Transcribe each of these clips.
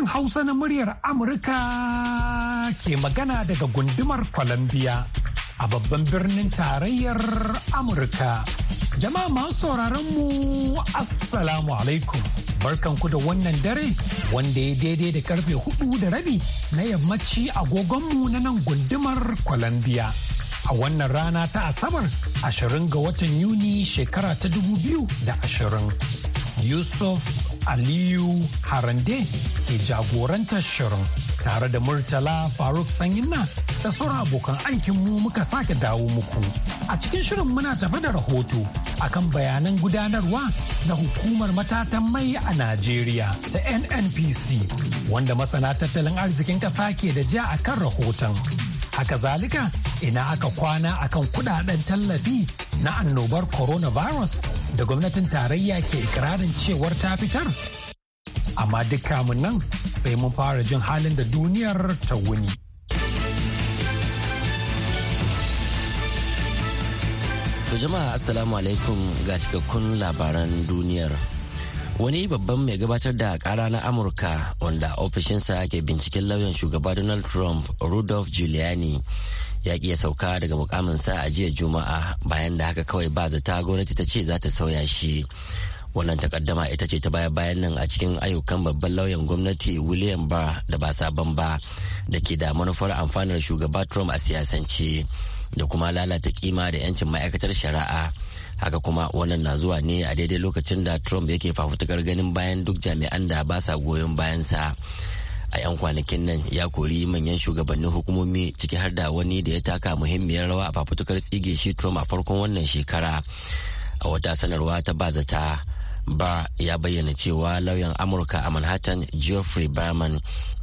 Sashen Hausa na muryar Amurka ke magana daga gundumar Columbia a babban birnin tarayyar Amurka. Jama'a masu sauraron mu Assalamu alaikum. Barkanku da wannan dare wanda ya daidai da karfe hudu da rabi na yammaci agogonmu na nan gundumar Columbia. A wannan rana ta Asabar ashirin ga watan Yuni shekara ta dubu biyu da ashirin Yusuf Aliyu Harande ke jagorantar shirin tare da Murtala Faruk Sanyina da sauran abokan aikinmu muka sake dawo muku. A cikin shirin muna tafe da rahoto akan bayanan gudanarwa na hukumar matatan mai a Najeriya ta NNPC wanda masana tattalin arzikin ƙasa ke da ja akan rahoton. Haka zalika ina aka kwana akan kudaden tallafi na annobar coronavirus da gwamnatin tarayya ke ikirarin cewar ta fitar. Amma duk kamun nan sai mun fara jin halin da duniyar ta wuni. jama'a assalamu alaikum ga cikakkun labaran duniyar. wani babban mai gabatar da kara na amurka wanda ofishinsa ke binciken lauyan shugaba donald trump rudolph giuliani ya ya sauka daga mukaminsa a jiya juma'a bayan da haka kawai ba zata gwamnati ta ce za ta sauya shi wannan takaddama ita ce ta baya bayan nan a cikin ayyukan babban lauyan gwamnati william Ba da ba sabon ba da ke da manufar amfanar shugaba trump a siyasance da kuma lalata kima da 'yancin ma'aikatar shari'a haka kuma wannan na zuwa ne a daidai lokacin da trump yake fafutukar ganin bayan duk jami'an da ba sa goyon bayansa a 'yan kwanakin nan ya kori manyan shugabannin hukumomi ciki har da wani da ya taka muhimmiyar rawa a fafutukar tsige shi trump a farkon wannan shekara a wata sanarwa ta bazata ba ya bayyana cewa lauyan amurka a manhattan geoffrey berman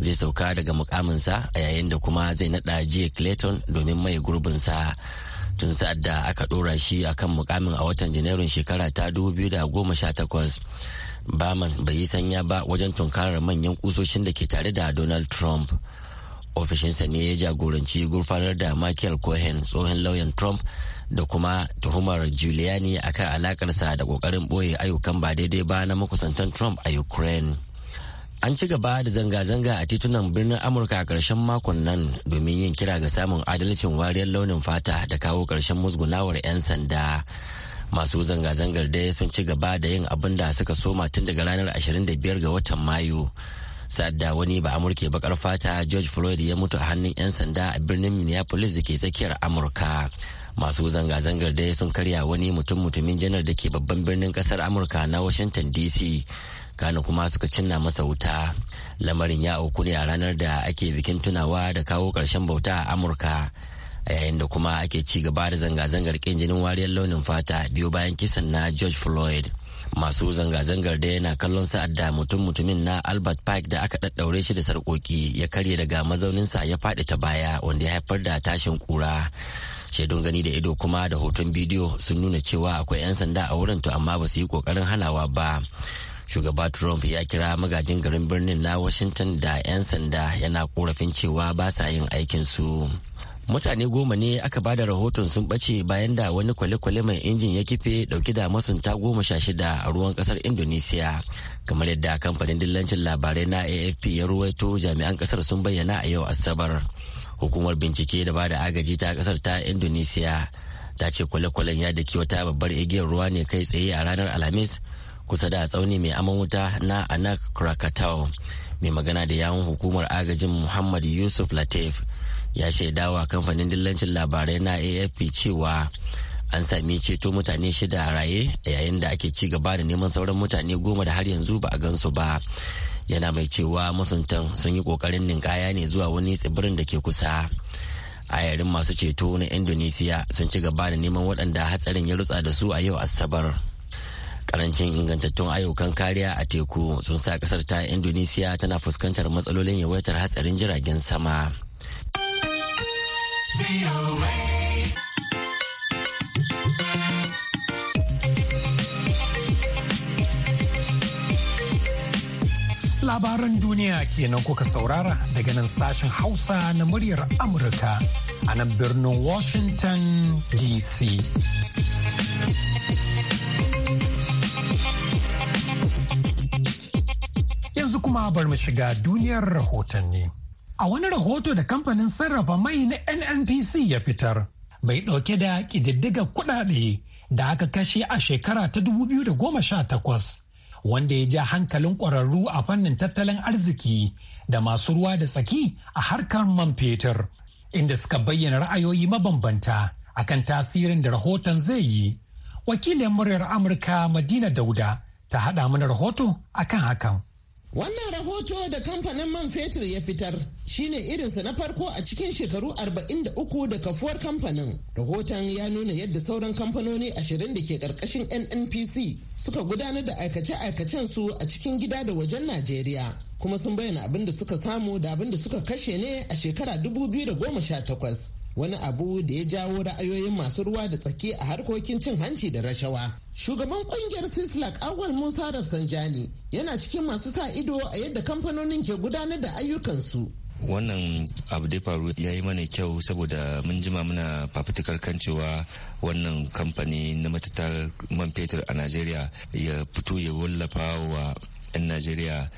zai sauka daga mukaminsa a yayin da kuma zai naɗa jiya clayton domin mai gurbinsa tun sa'ad da aka dora shi a kan mukamin a watan janairun shekara ta 2018 baman bai yi sanya ba wajen tunkarar manyan kusoshin da ke tare da donald trump ofishinsa ne ya jagoranci gurfanar da michael cohen tsohon lauyan trump da kuma tuhumar giuliani akan alakarsa da kokarin ɓoye ayyukan ba daidai ba na makusantan trump a ukraine An ci gaba da zanga-zanga a titunan birnin Amurka a ƙarshen makon nan domin yin kira ga samun adalcin wariyar launin fata da kawo ƙarshen musgunawar 'yan sanda. Masu zanga-zangar dai sun ci gaba da yin abin da suka soma tun daga ranar 25 ga watan Mayu. Sa'adda wani ba Amurke bakar fata George Floyd ya mutu a hannun 'yan sanda a birnin Minneapolis da ke tsakiyar Amurka. masu zanga-zangar dai sun karya wani mutum-mutumin janar da ke babban birnin ƙasar amurka na washington dc kano kuma suka cinna masa wuta lamarin ya auku ne a ranar da ake bikin tunawa da kawo ƙarshen bauta a amurka a yayin da kuma ake ci gaba da zanga-zangar ƙin jinin wariyar launin fata biyu bayan kisan na george floyd masu zanga-zangar da yana kallon sa'ad da mutum-mutumin na albert park da aka ɗaɗɗaure shi da sarƙoƙi ya karye daga mazauninsa ya faɗi ta baya wanda ya haifar da tashin kura shaidun gani da ido kuma da hoton bidiyo sun nuna cewa akwai 'yan sanda a wurin to amma ba su yi ƙoƙarin hanawa ba shugaba trump ya kira magajin garin birnin na washington da 'yan sanda yana korafin cewa ba sa yin aikinsu mutane goma ne aka bada rahoton sun bace bayan da wani kwale-kwale mai injin ya kife dauki da masunta goma sha shida a ruwan kasar indonesia kamar yadda kamfanin dillancin labarai na afp ya ruwaito jami'an kasar sun bayyana a yau asabar hukumar bincike da bada agaji ta kasar ta indonesia ta ce kwale-kwalen ya daki wata babbar igiyar ruwa ne kai tsaye a ranar alhamis kusa da tsauni mai aman wuta na anak krakatau mai magana da yawun hukumar agajin muhammad yusuf latif ya shaidawa kamfanin dillancin labarai na afp cewa an sami ceto mutane shida a raye yayin da ake ci gaba da neman sauran mutane goma da har yanzu ba a gansu ba yana mai cewa masuntan sun yi kokarin ninkaya ne zuwa wani tsibirin da ke kusa a yarin masu ceto na indonesiya sun ci gaba da neman waɗanda hatsarin ya rutsa da su a yau asabar. karancin ingantattun ayyukan kariya a teku sun sa kasar ta indonesiya tana fuskantar matsalolin yawaitar hatsarin jiragen sama labaran duniya kenan kuka saurara daga nan sashen hausa na muryar amurka a nan birnin washington dc amma mu shiga duniyar rahotanni. A wani rahoto da kamfanin sarrafa mai na NNPC ya fitar, mai ɗauke da ƙididdiga kuɗaɗe da aka kashe a shekara ta 2018, wanda ya ja hankalin ƙwararru a fannin tattalin arziki da masu ruwa da tsaki a harkar man fetur, inda suka bayyana ra'ayoyi mabambanta akan tasirin da rahoton zai yi. Wakilin muryar Amurka Madina Dauda ta haɗa mana rahoto akan hakan. Wannan rahoto da kamfanin man fetur ya fitar shine irinsa na farko a cikin shekaru 43 da kafuwar kamfanin. Rahoton ya nuna yadda sauran kamfanoni 20 da ke karkashin NNPC suka gudanar da aikace-aikacen su a cikin gida da wajen Najeriya. Kuma sun bayyana abin da suka samu da abin da suka kashe ne a shekara 2018. wani abu da ya jawo ra'ayoyin masu ruwa da tsaki a harkokin cin hanci da rashawa. Shugaban kungiyar Sislak Awal Musa Rafsanjani yana cikin masu sa ido a yadda kamfanonin ke gudanar da ayyukansu. wannan abu da faru ya yi mana kyau saboda mun jima muna fafutukar kan cewa wannan kamfani na matattar man fetur a najeriya ya fito ya wallafa wa 'yan najeriya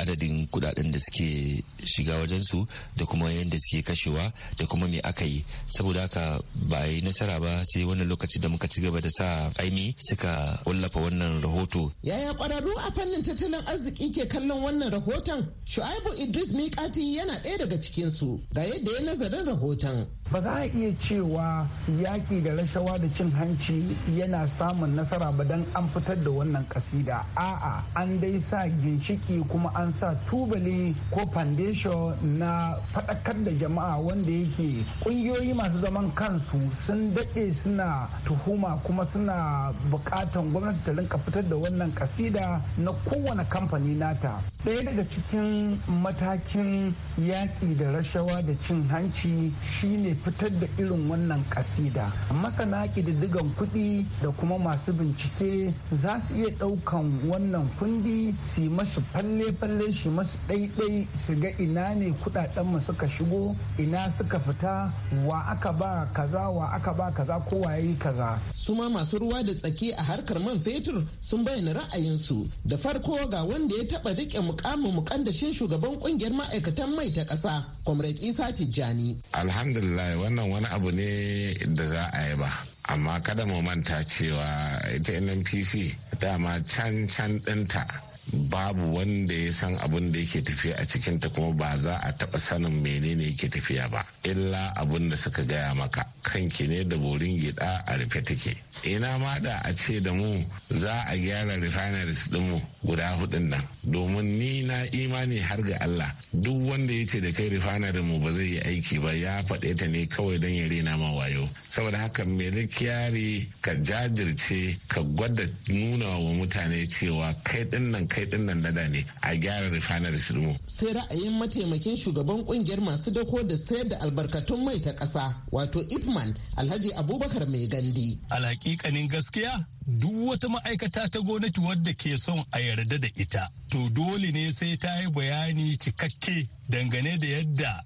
adadin kudaden da suke shiga wajensu da kuma yadda suke kashewa da kuma me aka yi saboda haka ba yi nasara ba sai wannan lokaci da muka ci gaba da sa aini suka wallafa wannan rahoto yaya kwararru a fannin tattalin arziki ke kallon wannan rahoton shu'aibu idris miƙati yana ɗaya daga cikinsu ga yadda ya nazarin rahoton ba za a iya cewa yaƙi da rashawa da cin hanci yana samun nasara ba don an fitar da wannan kasida a'a an dai sa sa ginshiki kuma an sa tubali ko foundation na faɗakar da jama'a wanda yake ƙungiyoyi masu zaman kansu sun daɗe suna tuhuma kuma suna buƙatan gwamnati ta rinka fitar da wannan kasida na kowane kamfani nata ɗaya daga cikin matakin yaƙi da rashawa da cin hanci shine fitar da irin wannan kasida masana ƙididdigan kuɗi da kuma masu bincike za su iya ɗaukan wannan kundi su yi masu falle-falle shi masu ɗaiɗai su ga ina ne kuɗaɗenmu suka shigo ina suka fita wa aka ba kaza wa aka ba kaza ko wa yi kaza. su ma masu ruwa da tsaki a harkar man fetur sun bayyana ra'ayinsu da farko ga wanda ya taɓa riƙe mukamin mukaddashin shugaban ƙungiyar ma'aikatan mai ta ƙasa comrade isa tijjani. alhamdulillah wannan wani abu ne da za a yi ba amma kada mu manta cewa ita nnpc dama can can ɗinta babu wanda ya san abin da yake tafiya a cikinta kuma ba za a taɓa sanin menene yake tafiya ba illa abin da suka gaya maka kanki ne da borin gida a rufe take ina ma da a ce da mu za a gyara refineries dinmu guda hudun nan domin ni na imani har ga Allah duk wanda ya ce da kai refinery mu ba zai yi aiki ba ya faɗe ta ne kawai don ya rena ma wayo saboda haka mai kyari ka jajirce ka gwada nuna wa mutane cewa kai din nan kai din nan nada ne a gyara refineries dinmu sai ra'ayin mataimakin shugaban kungiyar masu dako da sayar da albarkatun mai ta ƙasa wato ipma Alhaji Abubakar Mai Gandi. Alhaƙiƙanin gaskiya duk wata ma'aikata ta gwamnati wadda ke son a yarda da ita to dole ne sai ta yi bayani cikakke dangane da yadda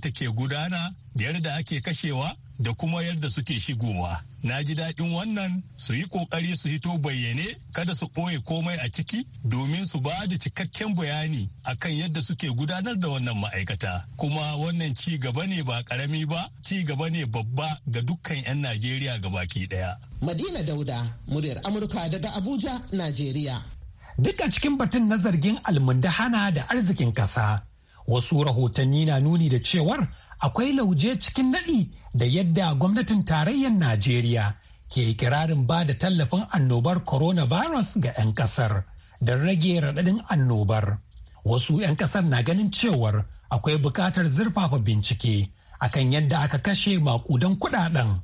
ta ke gudana da yadda ake kashewa da kuma yadda suke shigowa. Na ji daɗin wannan su yi ƙoƙari su hito bayyane kada su ɓoye komai a ciki domin su ba da cikakken bayani a kan yadda suke gudanar da wannan ma'aikata. Kuma wannan ci gaba ne ba ƙarami ba, ci gaba ne babba ga dukkan 'yan Najeriya baki ɗaya. Madina Dauda, muryar Amurka daga Abuja, Najeriya. Duk a cikin batun na zargin almundahana da arzikin ƙasa, wasu rahotanni na nuni da cewar akwai lauje cikin naɗi da yadda gwamnatin tarayyar Najeriya ke kirarin ba da tallafin annobar coronavirus ga 'yan kasar don rage raɗaɗin annobar. Wasu 'yan kasar na ganin cewar akwai buƙatar zurfafa bincike akan yadda aka kashe maƙudan kuɗaɗen.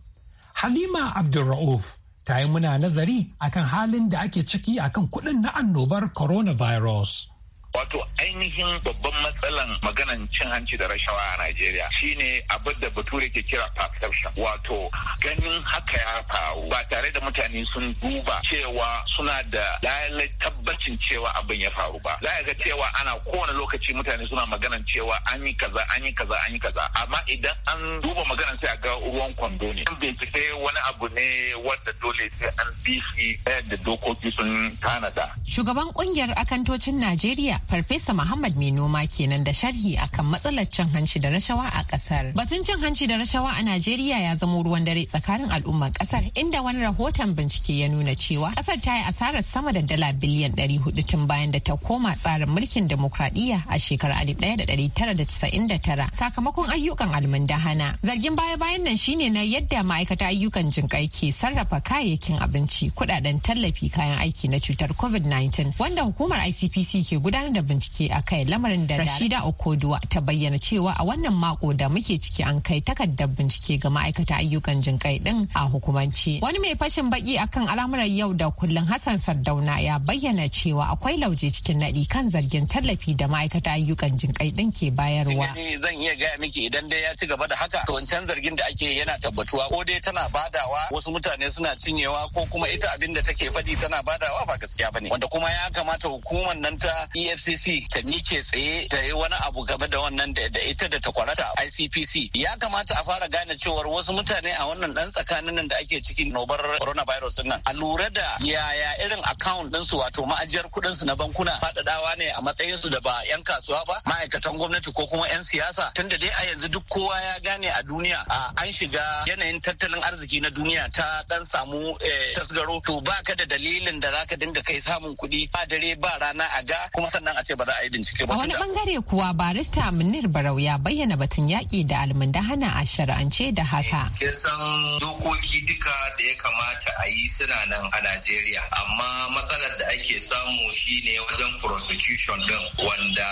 Halima Abdulra'uf ta yi muna nazari akan halin da ake ciki akan kuɗin na annobar coronavirus. wato ainihin babban matsalan maganan cin hanci da rashawa a Najeriya shine abin da bature ke kira perception wato ganin haka ya faru ba tare da mutane sun duba cewa suna da lalai tabbacin cewa abin ya faru ba za ga cewa ana kowane lokaci mutane suna maganan cewa an yi kaza an yi kaza an yi kaza amma idan an duba maganan sai a ga ruwan kwando ne An bincike wani abu ne wanda dole sai an bi shi da dokoki sun tanada shugaban kungiyar akantocin Najeriya Farfesa Muhammad mai noma kenan da sharhi akan matsalar cin hanci da rashawa a kasar. Batun cin hanci da rashawa a Najeriya ya zama ruwan dare tsakanin al'ummar kasar inda wani rahoton bincike ya nuna cewa kasar ta yi asarar sama da dala biliyan ɗari hudu tun bayan da ta koma tsarin mulkin demokradiyya a shekarar alif ɗaya da da da ɗari tara casa'in tara. sakamakon ayyukan almundahana. Zargin baya-bayan nan shine na yadda ma'aikata ayyukan jinkai ke sarrafa kayayyakin abinci, kuɗaɗen tallafi kayan aiki na cutar COVID-19 wanda hukumar ICPC ke gudanar gudanar da bincike a kai lamarin da Rashida Okoduwa ta bayyana cewa a wannan mako da muke ciki an kai takardar bincike ga ma'aikata ayyukan jinkai din a hukumance. Wani mai fashin baki akan al'amuran yau da kullum Hassan Sardauna ya bayyana cewa akwai lauje cikin naɗi kan zargin tallafi da ma'aikata ayyukan jinkai din ke bayarwa. Zan iya gaya miki idan dai ya ci gaba da haka to wancan zargin da ake yana tabbatuwa ko dai tana badawa wasu mutane suna cinyewa ko kuma ita abin da take faɗi tana badawa ba gaskiya bane wanda kuma ya kamata hukumar nan ta e FCC ta mike tsaye ta yi wani abu game da wannan da ita da ta kwarata icpc ya kamata a fara gane cewar wasu mutane a wannan dan tsakanin nan da ake cikin nobar coronavirus nan a lura da yaya irin account din su wato ma'ajiyar su na bankuna faɗaɗawa ne a matsayin su da ba 'yan kasuwa ba ma'aikatan gwamnati ko kuma 'yan siyasa tunda dai a yanzu duk kowa ya gane a duniya a an shiga yanayin tattalin arziki na duniya ta dan samu eh, tasgaro to baka da dalilin da zaka dinga kai samun kuɗi ba dare ba rana a ga kuma sannan nan a ce ba za a yi bincike ba. A wani bangare kuwa barista Munir Barau ya bayyana batun yaƙi da hana a shar'ance da haka. Kin san dokoki duka da ya kamata a yi suna nan a Najeriya amma matsalar da ake samu shine wajen prosecution din wanda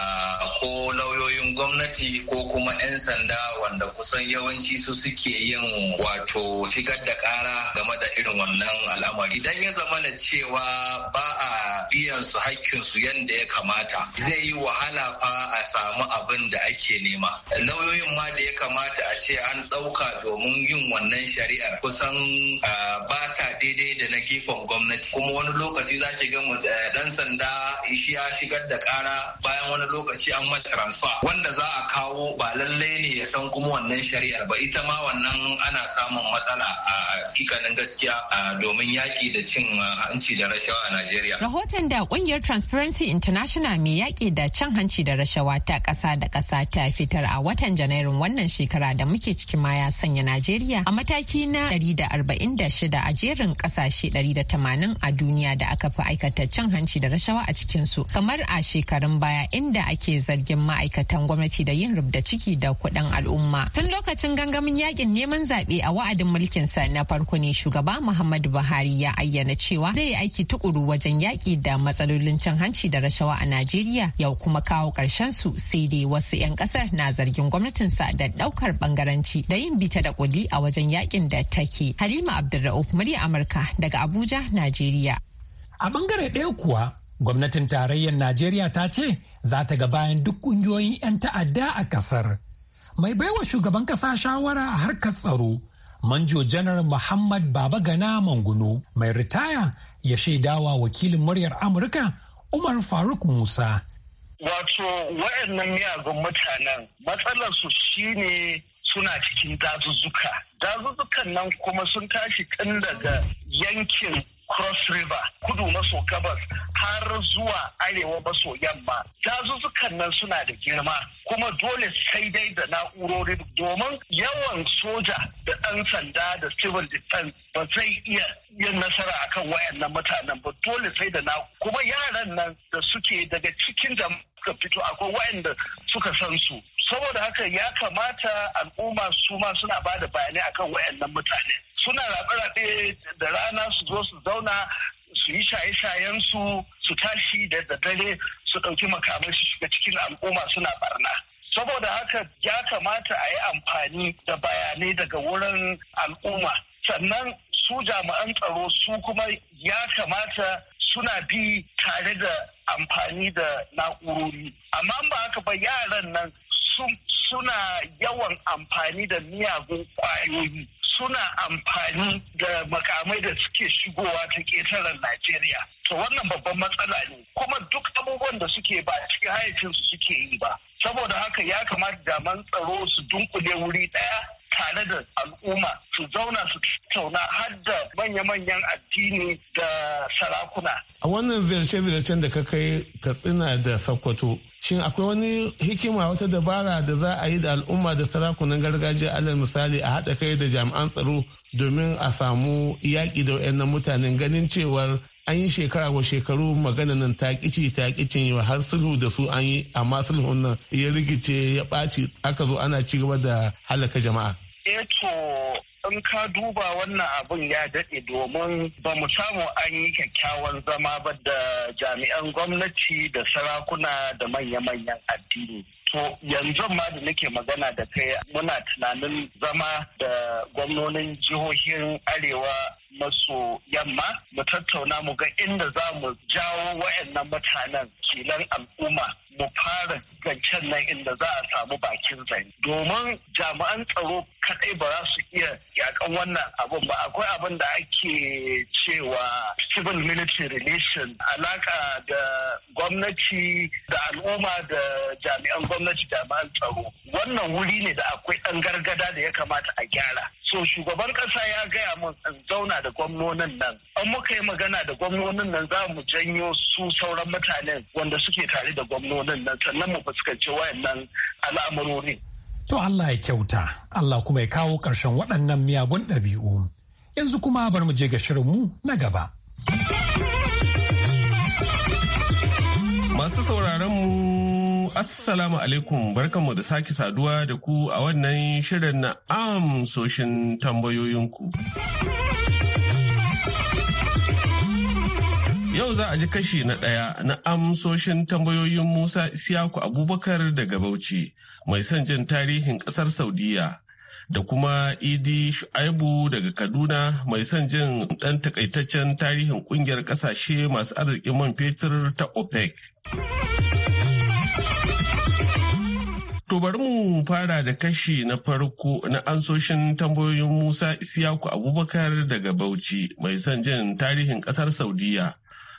ko lauyoyin gwamnati ko kuma 'yan sanda wanda kusan yawanci su suke yin wato shigar da kara game da irin wannan al'amari. Idan ya zama cewa ba a biyan su hakkin su yadda ya kamata zai yi wahala fa a samu abin da ake nema nauyoyin ma da ya kamata a ce an ɗauka domin yin wannan shari'ar kusan ba ta daidai da na gefen gwamnati kuma wani lokaci za ki ga dan eh, sanda shi ya shigar da kara bayan wani lokaci an mata transfer wanda za a kawo ba lallai ne ya san kuma wannan shari'ar ba ita ma wannan ana samun matsala a ikanin gaskiya domin yaƙi da cin eh, hanci da rashawa a Najeriya. Rahoton da ƙungiyar Transparency International mai yaƙi da cin hanci da rashawa ta ƙasa da ƙasa ta fitar a watan janairun wannan shekara da muke ciki ma ya sanya Najeriya a mataki na 146 a jerin ƙasashe 180 a duniya da aka fi aikata cin hanci da rashawa a cikinsu kamar a shekarun baya inda ake zargin ma'aikatan gwamnati da yin rubda ciki da kuɗin al'umma. Tun lokacin gangamin yaƙin neman zaɓe a wa'adin sa na farko ne shugaba Muhammadu Buhari ya ayyana cewa zai yi aiki tukuru wajen yaƙi da matsalolin cin hanci da rashawa a Najeriya. Najeriya yau kuma kawo ƙarshen su sai dai wasu 'yan ƙasar na zargin gwamnatinsa da ɗaukar ɓangaranci da yin bita da ƙuli a wajen yakin da take. Halima Abdulra'uf murya Amurka daga Abuja, Najeriya. A ɓangare ɗaya kuwa gwamnatin tarayyar Najeriya ta ce za ta ga bayan duk ƙungiyoyin 'yan ta'adda a ƙasar. Mai baiwa shugaban ƙasa shawara a harkar tsaro Manjo Janar Muhammad Baba Gana mangunu mai ritaya ya shaidawa wakilin muryar Amurka Umar Faruk Musa. Wato waɗannan miyagun mutanen matsalarsu ne suna cikin dazuzzuka. Dazuzzukan nan kuma sun tashi tun daga yankin cross river kudu maso gabas har zuwa arewa maso yamma dazuzzukan nan suna da girma kuma dole sai dai da na'urori domin yawan soja da ɗan sanda da civil defense ba zai iya yin nasara akan wayannan mutanen ba dole sai da na kuma yaran nan da suke daga cikin da suka fito akwai wayanda suka san su saboda haka ya kamata al'umma su ma suna ba da bayanai akan wayannan mutane suna rabe-rabe da rana su zo su zauna su yi shaye-shayen su su tashi da dare su ɗauki makamai su shiga cikin al'umma suna barna saboda haka ya kamata a yi amfani da bayanai daga wurin al'umma sannan su jami'an tsaro su kuma ya kamata suna bi tare da amfani da na'urori amma ba haka ba yaran nan suna yawan amfani da miyagun kwayoyi suna amfani da makamai da suke shigowa ta ƙetaren Najeriya. To wannan babban matsala ne kuma duk abubuwan da suke ba cikin hayacinsu suke yi ba. Saboda haka ya kamata daman tsaro su dunkule wuri ɗaya tare da al'umma su zauna su tattauna har da manya-manyan addini da sarakuna. A wannan ziyarce-ziyarcen da ka kai Katsina da Sokoto, shin akwai wani hikima wata dabara da za a yi da al'umma da sarakunan gargajiya alal misali a haɗa kai da jami'an tsaro domin a samu yaƙi da wayannan mutanen ganin cewar an yi shekara wa shekaru magana nan ta kici ta kicin har sulhu da su an yi amma sulhun nan ya rigice ya ɓaci aka zo ana ci gaba da halaka jama'a. Eto eh in ka duba wannan abun ya daɗe domin ba mu samu an yi kyakkyawan zama ba da jami'an gwamnati da sarakuna da manya-manyan addini. To yanzu ma da nake magana da kai muna tunanin zama da gwamnonin jihohin Arewa maso yamma mu tattauna mu ga inda za mu jawo wa'annan mutanen kilan al'umma mu fara zancen nan inda za a samu bakin zai. domin jami'an tsaro kadai ba za su iya yakan wannan abun ba akwai abin da ake cewa civil military relation alaka da gwamnati da al'umma da jami'an gwamnati jami'an tsaro wannan wuri ne da akwai ɗan gargada da ya kamata a gyara so shugaban ƙasa ya gaya mun in zauna da gwamnonin nan an muka yi magana da gwamnonin nan za mu janyo su sauran mutanen wanda suke tare da gwamnonin waɗannan sannan mu fuskanci wayannan al'amurorin. To Allah ya kyauta, Allah kuma ya kawo ƙarshen waɗannan miyagun ɗabi'u. Yanzu kuma bar mu je ga mu na gaba. Masu sauraron mu Assalamu alaikum barkanmu da sake saduwa da ku a wannan shirin na amsoshin tambayoyinku. Yau za a ji kashi na ɗaya na amsoshin tambayoyin Musa Isiyaku Abubakar daga Bauchi, mai son jin tarihin ƙasar Saudiya, da kuma Idi Shu'aibu daga Kaduna, mai son jin ɗan takaitaccen tarihin ƙungiyar ƙasashe masu arzikin man fetur ta OPEC. To bari mu fara da kashi na farko na ansoshin tambayoyin Musa Isiyaku Abubakar daga Bauchi mai son jin tarihin ƙasar Saudiya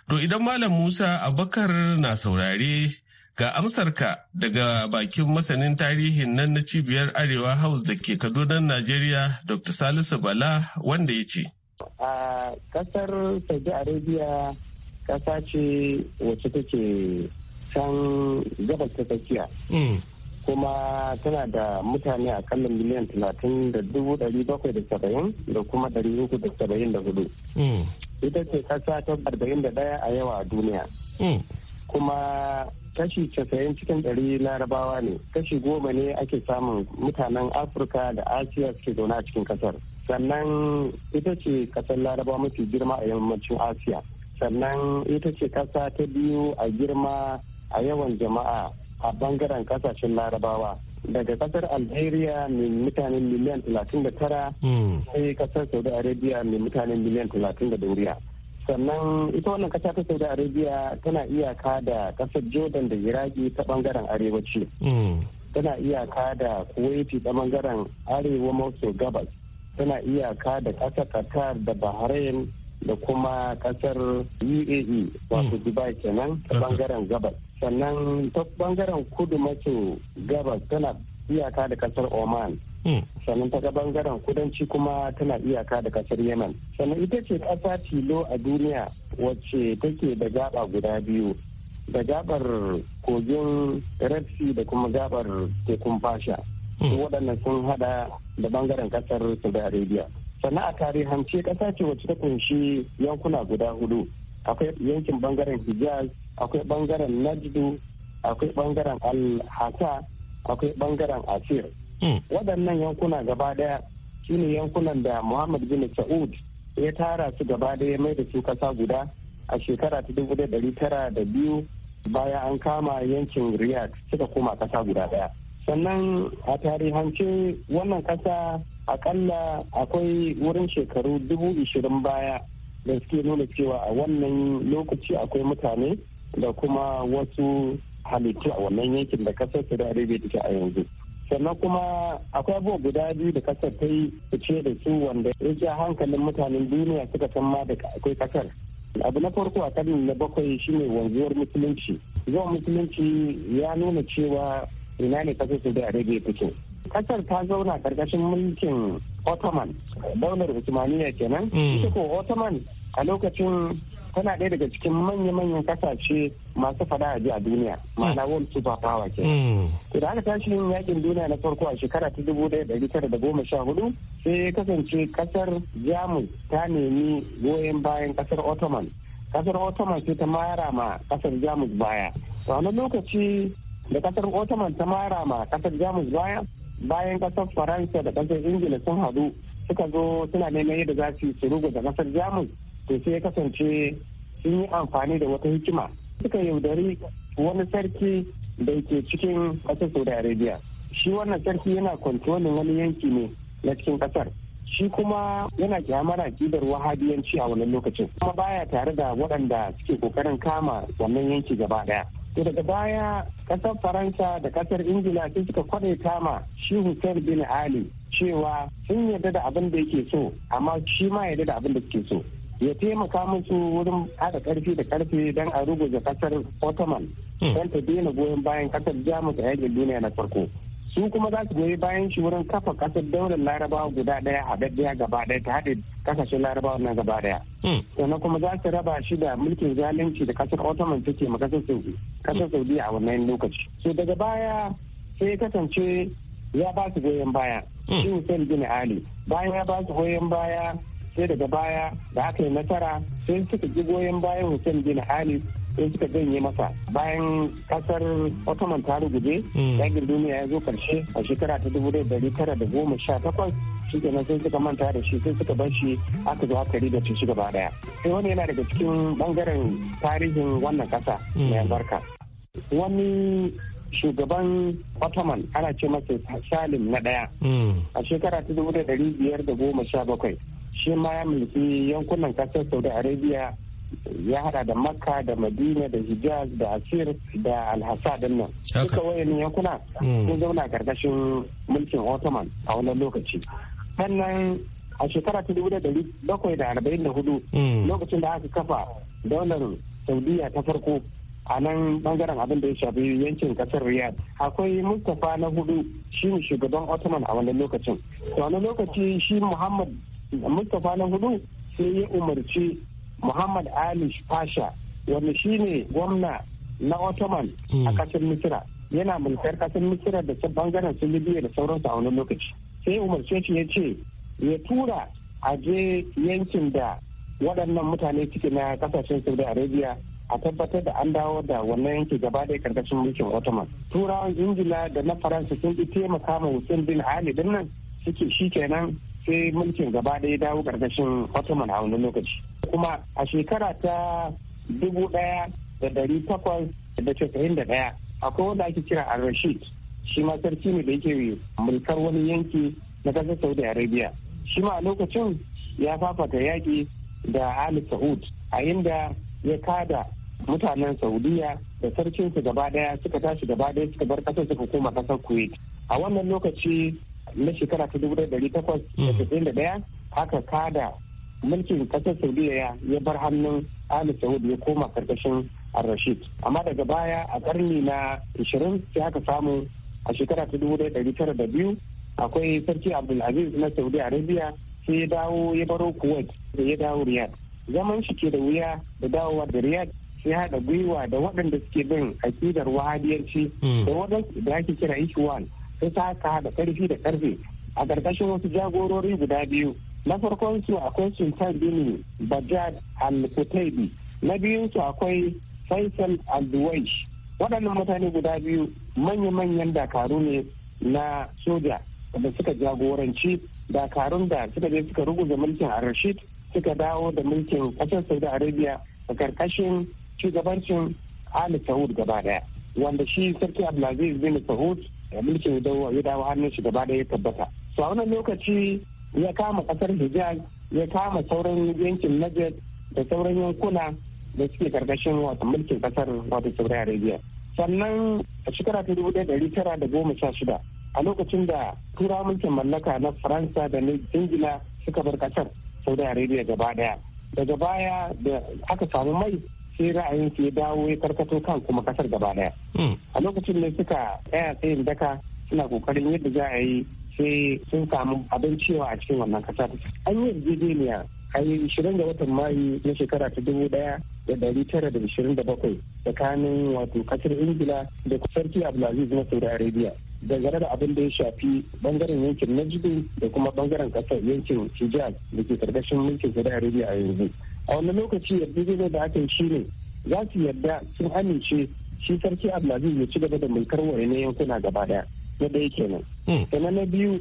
To idan Malam Musa Abakar na saurare ga amsarka daga bakin masanin tarihin nan na cibiyar Arewa House da ke Kaduna, Najeriya, Dr. Salisu Bala wanda ya ce. A kasar Saudi Arabia kasa ce wacce take can gabas ta tsakiya. Hmm. Kuma tana da mutane a kallon miliyan talatin da dubu bakwai da kuma dari uku da saba'in da hudu. Hmm. ita ce kasa ta ɗaya a yawa a duniya hmm. kuma kashi casa'in cikin ɗari larabawa ne kashi goma ne ake samun mutanen afirka da asiya suke zaune a cikin kasar sannan ita ce kasar laraba mafi girma a yammacin asiya sannan ita ce kasa ta biyu a girma a yawan jama'a a bangaren kasashen larabawa daga kasar algeria mai mutanen miliyan 39 hmm. sai kasar saudi arabia mai mutanen miliyan 30 duniya sannan ita wannan kasa ta saudi arabia tana iyaka da kasar jordan da iraki ta bangaren arewaci hmm. tana iyaka da kuwaiti ta bangaren arewa maso gabas tana iyaka da kasar qatar da bahrain da kuma kasar uae wato hmm. dubai kenan ta bangaren gabas sannan ta bangaren kudu maso gabas tana iyaka da kasar oman hmm. sannan ta bangaren kudanci kuma tana iyaka da kasar yemen sannan ita ce kasa tilo a duniya wacce take da gaba guda biyu da gabar kogin red sea da kuma gabar tekun fasha hmm. waɗannan sun hada da bangaren kasar saudi arabia sannan a tarihance ƙasa ce wacce ta kunshi yankuna guda hudu akwai yankin bangaren hijaz akwai bangaren najdu akwai bangaren alhasa akwai bangaren asir hmm. waɗannan yankuna gaba ɗaya shine yankunan da muhammad bin sa'ud ya tara su gaba ɗaya mai da su ƙasa guda a shekara ta dubu tara da biyu bayan an kama yankin riyadh suka koma ƙasa guda ɗaya sannan a tarihance wannan ƙasa akalla akwai wurin shekaru dubu ishirin baya da suke nuna cewa a wannan lokaci akwai mutane da kuma wasu halittu a wannan yankin da kasar su da take a yanzu sannan kuma akwai abubuwa guda biyu da kasar ta yi fice da su wanda ya ja hankalin mutanen duniya suka san ma da akwai kasar abu na farko a karni na bakwai shine wanzuwar musulunci zuwa musulunci ya nuna cewa ina ne kasar su da arabia take kasar ta zauna karkashin mulkin ottoman daular usmaniya kenan hmm. ita ko ottoman a lokacin tana ɗaya daga cikin manya-manyan kasashe masu fada a a duniya ma'ana world super power ke hmm. to da aka tashi yin yakin duniya na farko a shekara ta dubu ɗaya ɗari tara da goma sha hudu sai kasance kasar jamus ta nemi goyon bayan kasar ottoman kasar ottoman sai ta mara ma kasar jamus baya to a lokaci da kasar ottoman ta mara ma kasar jamus baya bayan kasar faransa da kasar ingila sun hadu suka zo suna neman yadda za su su rugu da kasar jamus to sai ya kasance sun yi amfani da wata hikima suka yaudari wani sarki da ke cikin kasar saudi arabia shi wannan sarki yana kwantolin wani yanki ne na cikin kasar shi kuma yana kyamara gidar wahabiyanci a wannan lokacin kuma baya tare da waɗanda suke kokarin kama wannan yanki gaba ɗaya to daga baya kasar faransa da kasar ingila sun suka kwadaita kama shi hussein bin ali cewa sun yarda da abin da yake so amma shi ma yarda da abin da suke so ya taimaka musu wurin haɗa ƙarfi da ƙarfe don a rubuta kasar ottoman don ta daina goyon bayan kasar jamus a yakin duniya na farko su kuma za su goyi bayan shi wurin kafa kasar daular larabawa guda daya haɗaɗɗiya gaba daya ta haɗe kasashen larabawa na gaba daya hmm. sannan kuma za su raba shi da mulkin zalunci da kasar ottoman take ma kasar saudi kasar hmm. saudi a wannan lokaci so daga baya sai kasance ya ba su goyon baya hmm. shi hussein gina ali bayan ya ba su goyon baya sai daga baya da aka yi nasara sai suka ji goyon bayan hussein bin ali sai suka janye masa bayan kasar ottoman ta ruguje hmm. yakin duniya ya zo karshe a shekara ta dubu dari tara da goma sha takwas shi kenan sai suka manta da shi sai suka bar shi aka zo aka riga shi gaba daya sai wani yana daga cikin bangaren tarihin wannan kasa mai hmm. albarka wani shugaban ottoman ana ce masa salim na daya hmm. a shekara ta dubu da dari biyar da goma sha bakwai shi ma ya mulki yankunan kasar saudi arabia ya hada da makka da madina da hijaz da asir da Alhasa din nan duka wayan yankuna hmm. sun zauna karkashin mulkin ottoman a wannan lokaci sannan a shekara ta dubu da dari bakwai da arba'in da hudu hmm. lokacin da aka kafa daular saudiya ta farko a nan bangaren abin da ya shafi yankin kasar riyad akwai mustapha na hudu shi shugaban ottoman a wannan lokacin to wani lokaci shi muhammad mustapha na hudu sai ya umarci muhammad ali pasha wanda shine gwamna na ottoman hmm. a kasar misira yana mulkar kasar misira da bangaren su libya da sauransu a wani lokaci sai umar shi ya ce ya tura a je yankin da waɗannan mutane ciki na kasashen saudi arabia a tabbatar da an dawo da wannan yanki gaba da karkashin mulkin ottoman turawan ingila da na faransa sun bi taimaka ma hussein bin ali din nan suke shi kenan sai mulkin gaba ɗaya dawo ƙarƙashin ottoman a wani lokaci kuma a shekara ta dubu ɗaya da ɗari takwas da casa'in da ɗaya akwai wanda ake kira al rashid shi ma sarki ne da yake mulkar wani yanki na ƙasar saudi arabia shi ma a lokacin ya fafata yaƙi da ali saud a inda ya kada mutanen saudiya da sarkinsu gaba daya suka tashi gaba daya suka bar kasar suka koma kasar kuwait a wannan lokaci na shekara ta dubu ɗari takwas da tasa'in mm. da ɗaya aka kada mulkin kasar saudiya ya bar hannun ali saud ya koma karkashin rashid amma daga baya a karni na ashirin sai aka samu a shekara ta dubu ɗari tara da biyu akwai sarki abdulaziz na saudi arabia sai ya dawo ya baro kuwait da ya dawo riyad. zaman shi ke da wuya da dawowa da riyad sai haɗa gwiwa da waɗanda suke bin akidar wahadiyarci mm. da waɗanda da ake kira ikhwan ta saka da karfi da karfe a ƙarƙashin wasu jagorori guda biyu na farkon su akwai sultan gini bajad al kutaibi na biyun su akwai faisal al duwaish waɗannan mutane guda biyu manya-manyan dakaru ne na soja da suka jagoranci dakarun da suka je suka ruguza mulkin arashid suka dawo da mulkin ƙasar saudi arabia a ƙarƙashin shugabancin ali saud gaba daya wanda shi sarki abdulaziz bin saud mulkin ya dawo hannun shi gaba ya tabbata to a wannan lokaci ya kama kasar hijaz ya kama sauran yankin najar da sauran yankuna da suke karkashin wata mulkin kasar wato saudi arabia sannan a shekara ta dubu ɗaya tara da goma sha shida a lokacin da tura mulkin mallaka na faransa da na ingila suka bar kasar saudi arabia gaba daya daga baya da aka samu mai sai ra'ayin su ya dawo ya karkato kan kuma kasar gaba daya hmm. a lokacin ne suka tsaya tsayin daka suna kokarin yadda za a yi sai sun samu abin cewa a cikin wannan kasar. an yi yarjejeniya a yi shirin da watan mayu na shekara ta dubu daya da dari tara da ishirin da bakwai tsakanin wato kasar ingila da sarki abdulaziz na saudi arabia dangane da abin da ya shafi bangaren yankin najibu da kuma bangaren kasar yankin hijaz da ke karkashin mulkin saudi arabia a yanzu a wani lokaci yarjejeniyar da aka yi shi ne za su yarda sun amince shi sarki abdulaziz ya ci gaba da mulkar na yankuna gaba daya na ɗaya kenan hmm. sannan na biyu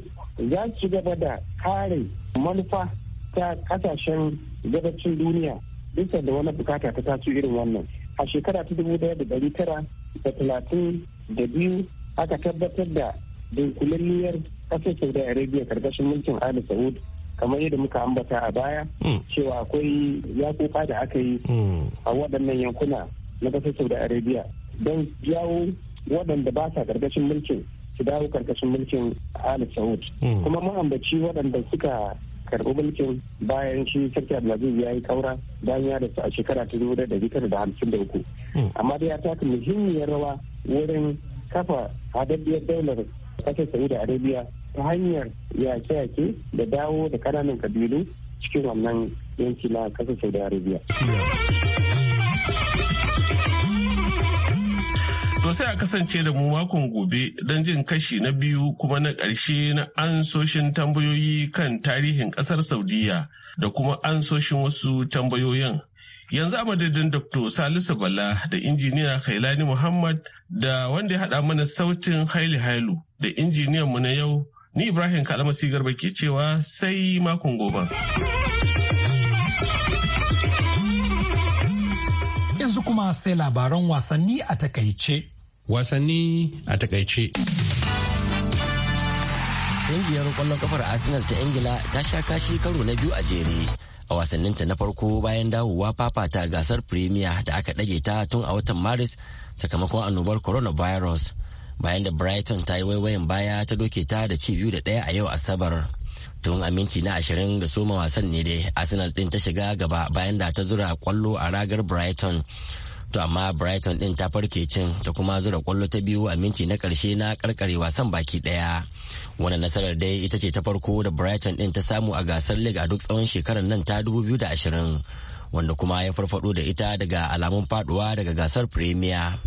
za su ci gaba da kare manufa ta kasashen gabacin duniya bisa da wani bukata ta taso irin wannan a shekara ta dubu daya da dari tara da talatin da biyu aka tabbatar da dinkulalliyar kasar saudi arabia karkashin mulkin ali saud kamar yadda muka ambata a baya hmm. cewa akwai yakuka da aka yi hmm. a waɗannan yankuna na ƙasar saudi arabia don jawo waɗanda ba sa ƙarƙashin mulkin su dawo ƙarƙashin mulkin ali saud hmm. kuma ma'ambaci waɗanda suka karɓi mulkin bayan shi sarki abdulaziz ya yi kaura bayan ya rasu a shekara ta zuwa da tara da hamsin da uku amma dai ya taka muhimmiyar rawa wurin kafa hadaddiyar daular ƙasar saudi arabia ta hanyar yake-yake da dawo da ƙananan kabilu cikin wannan yanki na kasar saudi arabia To sai a kasance da mu makon gobe don jin kashi na biyu kuma na ƙarshe na ansoshin tambayoyi kan tarihin ƙasar Saudiya da kuma ansoshin wasu tambayoyin. Yanzu a madadin Dr. Salisu Bala da injiniya Kailani Muhammad da wanda ya haɗa mana sautin Haili Hailu da mu na yau Ni Ibrahim Kalamasi sigar baki cewa sai makon gobe. Yanzu kuma sai labaran wasanni a takaice. Wasanni a takaice. Ƙungiyar ƙwallon kafar Arsenal ta Ingila ta sha kashi karo na biyu a jere. a wasanninta na farko bayan dawowa fafata gasar premier da aka ɗage ta tun a watan maris sakamakon annobar coronavirus bayan da brighton ta yi waiwayin baya ta doke ta da ci biyu da ɗaya a yau asabar tun a na ashirin da soma wasan ne dai arsenal din ta shiga gaba bayan da ta zura kwallo a ragar brighton to amma brighton din ta farke cin ta kuma zura kwallo ta biyu a minti na karshe na karkare wasan baki ɗaya wani nasarar dai ita ce ta farko da brighton ɗin ta samu a gasar league a duk tsawon shekarar nan ta 2020 wanda kuma ya farfaɗo da ita daga alamun faduwa daga gasar premier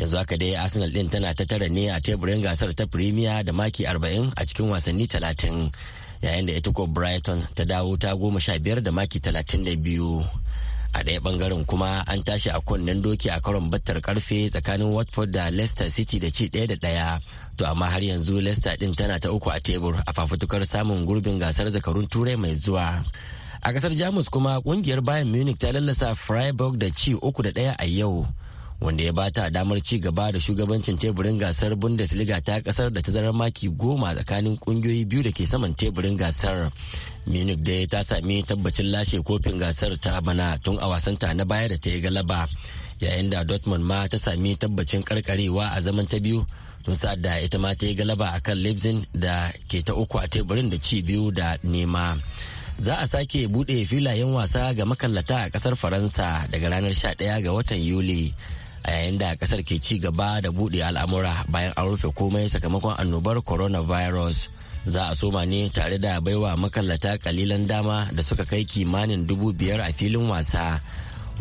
yanzu haka dai arsenal din tana ta tara ne a teburin gasar ta premier da maki 40 a cikin wasanni 30 yayin da ita ko brighton ta dawo ta goma sha biyar da maki 32 a ɗaya bangaren kuma an tashi a kunnen doki a karon battar karfe tsakanin watford da leicester city da ci ɗaya da ɗaya to amma har yanzu leicester ɗin tana ta uku a tebur a fafutukar samun gurbin gasar zakarun turai mai zuwa a kasar jamus kuma ƙungiyar bayan munich ta lallasa freiburg da ci uku da ɗaya a yau wanda ya bata damar ci gaba da shugabancin teburin gasar bundesliga ta kasar da ta zarar maki goma tsakanin kungiyoyi biyu da ke saman teburin gasar munich dai ta sami tabbacin lashe kofin gasar ta bana tun a wasanta na baya da ta yi galaba yayin da dortmund ma ta sami tabbacin karkarewa a zaman ta biyu tun sa'ad da ita ma ta yi galaba a kan leipzig da ke ta uku a teburin da ci biyu da nema za a sake bude filayen wasa ga makallata a kasar faransa daga ranar 11 ga watan yuli a yayin da kasar ke ci gaba da buɗe al'amura bayan an rufe komai sakamakon annobar coronavirus za a soma ne tare da baiwa makallata kalilan dama da suka kai kimanin dubu biyar a filin wasa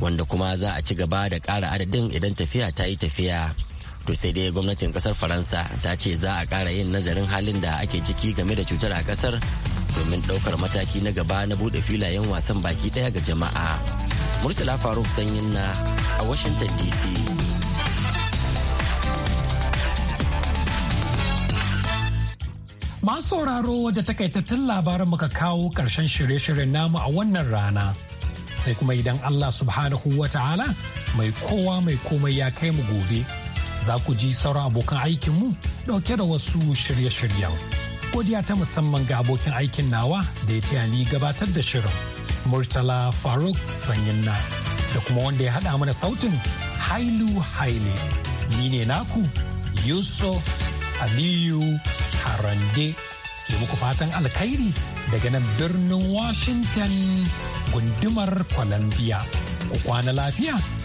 wanda kuma za a ci gaba da ƙara adadin idan tafiya ta yi tafiya to sai dai gwamnatin kasar faransa ta ce za a kara yin nazarin halin da ake ciki game da cutar a kasar domin ɗaukar mataki na gaba na buɗe filayen wasan baki ɗaya ga jama'a Murtala Faruk Sanyin na a Washington DC. Masu sauraro da takaitattun labaran muka kawo ƙarshen shirye-shiryen namu a wannan rana. Sai kuma idan Allah subhanahu wa ta'ala mai kowa mai komai ya kai mu gobe, za ku ji sauran abokan aikinmu ɗauke da wasu shirye-shiryen. Godiya ta musamman ga abokin aikin nawa da ya taya ni gabatar da shirin. Murtala Faruk Sanyinna da kuma wanda ya haɗa mana sautin Hailu Haile. Ni ne naku Yusuf Aliyu Harande ke muku fatan alkhairi daga nan birnin Washington gundumar Columbia. Ku kwana lafiya.